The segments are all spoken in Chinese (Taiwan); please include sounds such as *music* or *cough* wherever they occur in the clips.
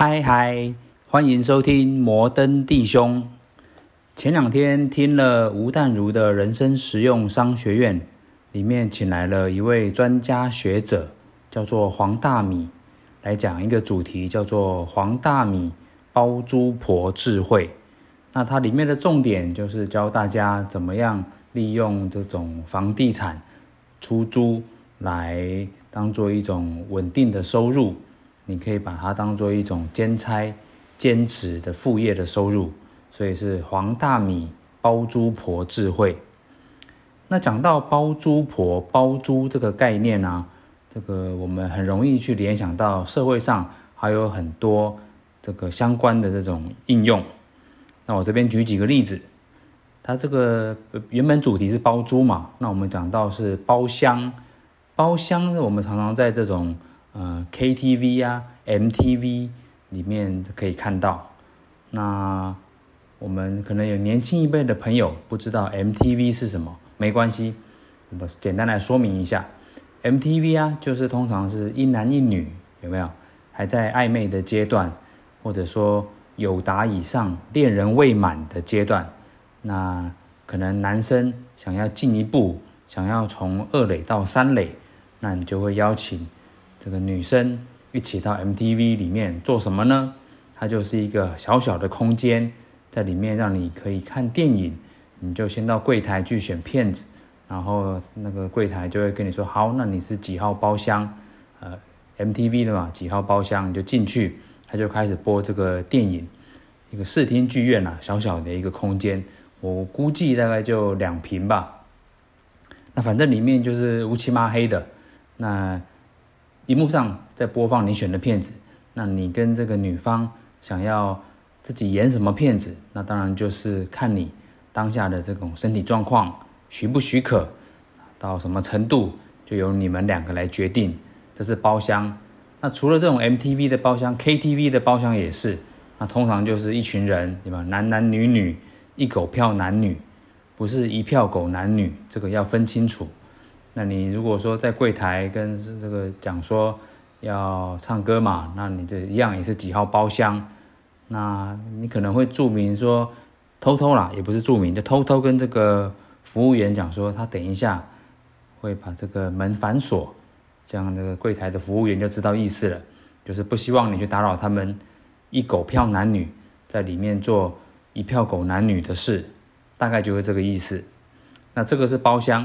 嗨嗨，歡迎收聽摩登弟兄。前兩天聽了吳淡如的人生實用商學院，裡面請來了一位專家學者，叫做黃大米，來講一個主題，叫做黃大米包租婆智慧。那它裡面的重點就是教大家怎麼樣利用這種房地產出租來當做一種穩定的收入。你可以把它當做一種兼差、兼職的副業的收入，所以是黃大米包租婆智慧。那講到包租婆包租這個概念呢、啊，這個我們很容易去聯想到社會上還有很多這個相關的這種應用。那我這邊舉幾個例子，它這個原本主題是包租嘛，那我們講到是包廂，包廂我們常常在這種。呃，KTV 啊，MTV 裡面可以看到。那我們可能有年輕一輩的朋友不知道 MTV 是什麼，沒關係，我們簡單來說明一下。MTV 啊，就是通常是一男一女，有沒有？還在曖昧的階段，或者說友達以上戀人未滿的階段，那可能男生想要進一步，想要從二壘到三壘，那你就會邀請。這個女生一起到 MTV 裡面做什麼呢？它就是一個小小的空間，在裡面讓你可以看電影。你就先到櫃檯去選片子，然後那個櫃檯就會跟你說：“好，那你是幾號包廂？”呃，MTV 的嘛，幾號包廂你就進去，他就開始播這個電影。一個視聽劇院啊，小小的一個空間，我估計大概就兩坪吧。那反正裡面就是烏漆抹黑的，那。螢幕上在播放你選的片子，那你跟這個女方想要自己演什麼片子，那當然就是看你當下的這種身體狀況，許不許可，到什麼程度就由你們兩個來決定。這是包廂，那除了這種 MTV 的包廂，KTV 的包廂也是，那通常就是一群人，對吧？男男女女，一狗票男女，不是一票狗男女，這個要分清楚。那你如果說在櫃檯跟這個講說要唱歌嘛，那你的一樣也是幾號包廂，那你可能會注明說偷偷啦，也不是注明，就偷偷跟這個服務員講說，他等一下會把這個門反鎖，這樣那個櫃檯的服務員就知道意思了，就是不希望你去打擾他們一狗票男女在裡面做一票狗男女的事，大概就是這個意思。那這個是包廂，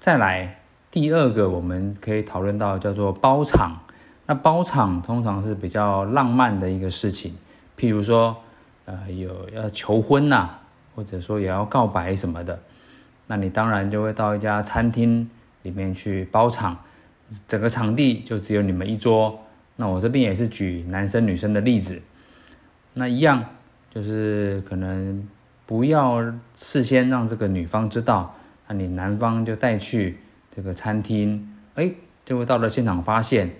再來。第二個我們可以討論到叫做包場，那包場通常是比較浪漫的一個事情，譬如說，呃，有要求婚吶、啊，或者說也要告白什麼的，那你當然就會到一家餐廳裡面去包場，整個場地就只有你們一桌。那我這邊也是舉男生女生的例子，那一樣就是可能不要事先讓這個女方知道，那你男方就帶去。這個餐廳，哎，結果到了現場發現，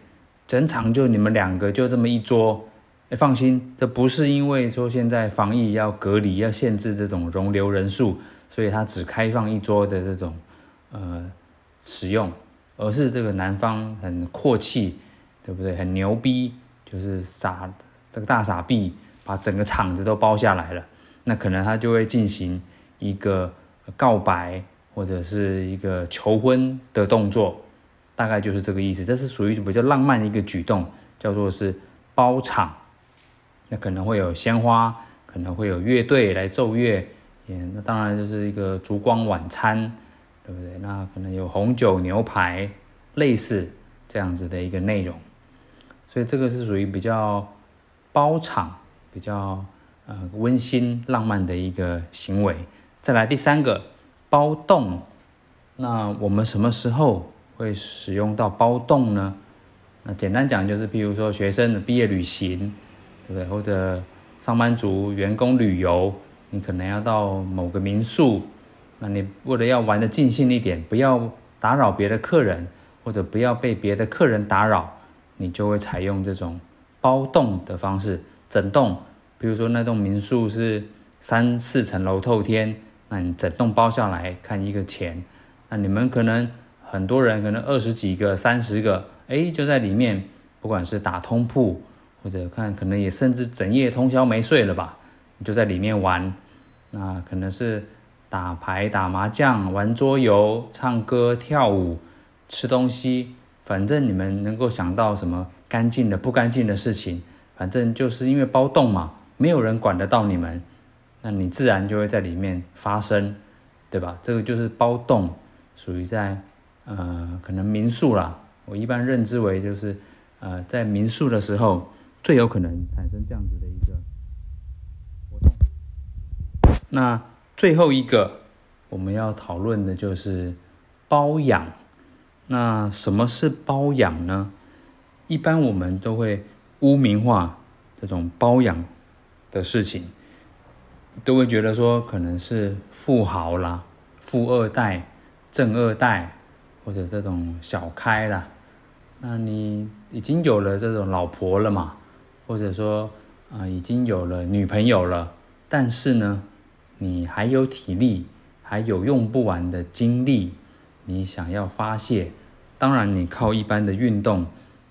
整場就你們兩個就這麼一桌。哎，放心，這不是因為說現在防疫要隔離要限制這種容留人數，所以他只開放一桌的這種呃使用，而是這個男方很闊氣，對不對？很牛逼，就是傻這個大傻逼把整個場子都包下來了，那可能他就會進行一個告白。或者是一個求婚的動作，大概就是這個意思。這是屬於比較浪漫的一個舉動，叫做是包場。那可能會有鮮花，可能會有樂隊來奏樂，嗯，那當然就是一個燭光晚餐，對不對？那可能有紅酒牛排，類似這樣子的一個內容。所以這個是屬於比較包場，比較呃溫馨浪漫的一個行為。再來第三個。包棟，那我們什麼時候會使用到包棟呢？那簡單講就是，譬如說學生的畢業旅行，對不對？或者上班族員工旅遊，你可能要到某個民宿，那你為了要玩得盡興一點，不要打擾別的客人，或者不要被別的客人打擾，你就會採用這種包棟的方式，整棟。比如說那棟民宿是三四層樓透天。那你整棟包下來看一個錢，那你們可能很多人可能二十幾個、三十個，哎，就在裡面，不管是打通鋪，或者看可能也甚至整夜通宵沒睡了吧，你就在裡面玩。那可能是打牌、打麻將、玩桌遊、唱歌、跳舞、吃東西，反正你們能夠想到什麼乾淨的、不乾淨的事情，反正就是因為包棟嘛，沒有人管得到你們。那你自然就會在裡面發生，對吧？這個就是包動，屬於在呃，可能民宿啦。我一般認知為就是，呃，在民宿的時候最有可能產生這樣子的一個活動。 *noise* 那最後一個我們要討論的就是包養。那什麼是包養呢？一般我們都會汙名化這種包養的事情。都會覺得說可能是富豪啦、富二代、正二代，或者這種小開啦。那你已經有了這種老婆了嘛？或者說啊、呃，已經有了女朋友了？但是呢，你還有體力，還有用不完的精力，你想要發洩。當然，你靠一般的運動，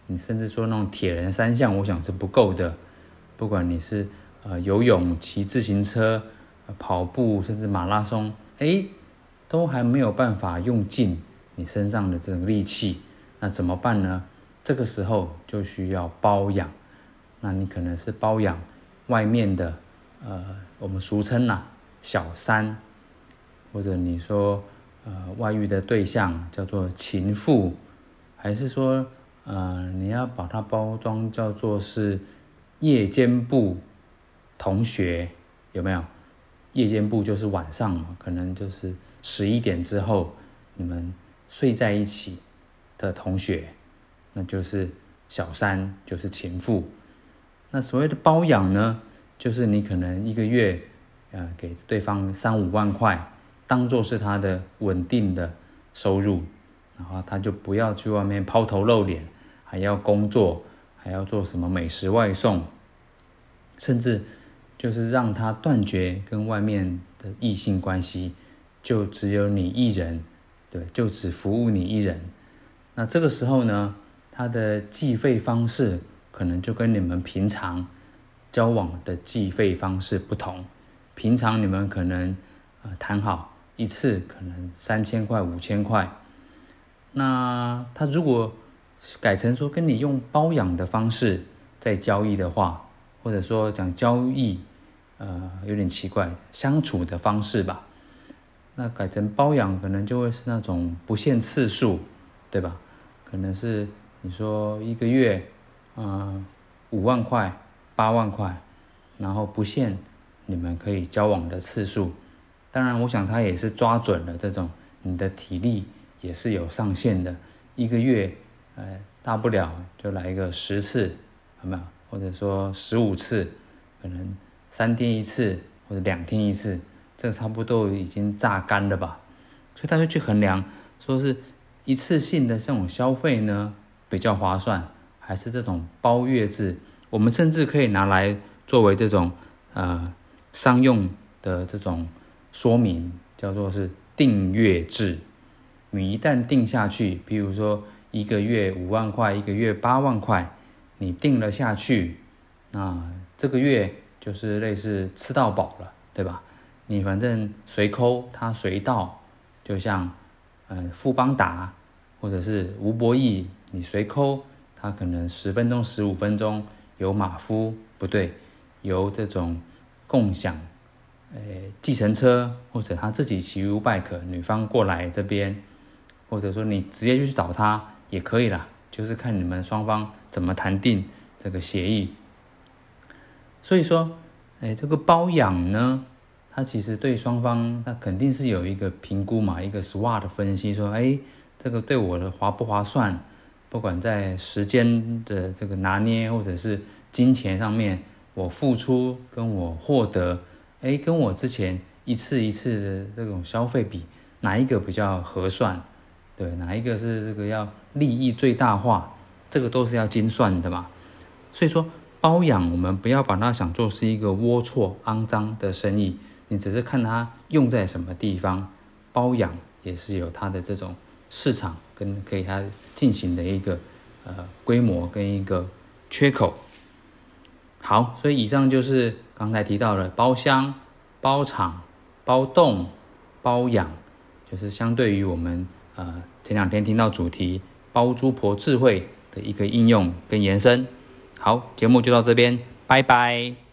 你甚至說那種鐵人三項，我想是不夠的。不管你是。呃，游泳、騎自行車、呃、跑步，甚至馬拉松，誒，都還沒有辦法用盡你身上的這種力氣，那怎麼辦呢？這個時候就需要包養。那你可能是包養外面的，呃，我們俗稱吶、啊、小三，或者你說呃外遇的對象叫做情婦，還是說呃你要把它包裝叫做是夜間部？同學有沒有？夜間部就是晚上嘛，可能就是十一點之後，你們睡在一起的同學，那就是小三，就是情婦。那所謂的包養呢，就是你可能一個月、呃、給對方三五萬塊，當作是他的穩定的收入，然後他就不要去外面拋頭露臉，還要工作，還要做什麼美食外送，甚至。就是讓他斷絕跟外面的異性關係，就只有你一人，對，就只服務你一人。那這個時候呢，他的計費方式可能就跟你們平常交往的計費方式不同。平常你們可能，呃，談好一次可能三千塊，五千塊，那他如果改成說跟你用包養的方式在交易的話，或者說講交易。呃，有點奇怪相處的方式吧，那改成包養可能就會是那種不限次數，對吧？可能是你說一個月，呃，五萬塊、八萬塊，然後不限你們可以交往的次數。當然，我想他也是抓準了這種，你的體力也是有上限的。一個月，呃，大不了就來一個十次，有沒有？或者說十五次，可能。三天一次或者兩天一次，這個差不多已經榨乾了吧？所以他就去衡量，說是一次性的這種消費呢，比較划算，還是這種包月制？我們甚至可以拿來作為這種呃商用的這種說明，叫做是訂閱制。你一旦定下去，比如說一個月五萬塊，一個月八萬塊，你定了下去，那這個月。就是類似吃到飽了，對吧？你反正隨扣他隨到，就像，嗯、呃，富邦達，或者是吳博義，你隨扣他可能十分鐘、十五分鐘有馬夫，不對，有這種共享，誒、呃，計程車或者他自己騎 UBike，女方過來這邊，或者說你直接去找他也可以啦，就是看你們雙方怎麼談定這個協議。所以說，哎，這個包養呢，它其實對雙方，它肯定是有一個評估嘛，一個 SWOT 的分析，說，哎，這個對我的划不划算？不管在時間的這個拿捏，或者是金錢上面，我付出跟我獲得，哎，跟我之前一次一次的這種消費比，哪一個比較合算？對，哪一個是這個要利益最大化？這個都是要精算的嘛。所以說。包養，我們不要把它想做是一個齷齪、骯髒的生意，你只是看它用在什麼地方。包養也是有它的這種市場跟給它進行的一個呃規模跟一個缺口。好，所以以上就是剛才提到的包廂、包場、包棟、包養，就是相對於我們呃前兩天聽到主題包租婆智慧的一個應用跟延伸。好，節目就到這邊，拜拜。拜拜。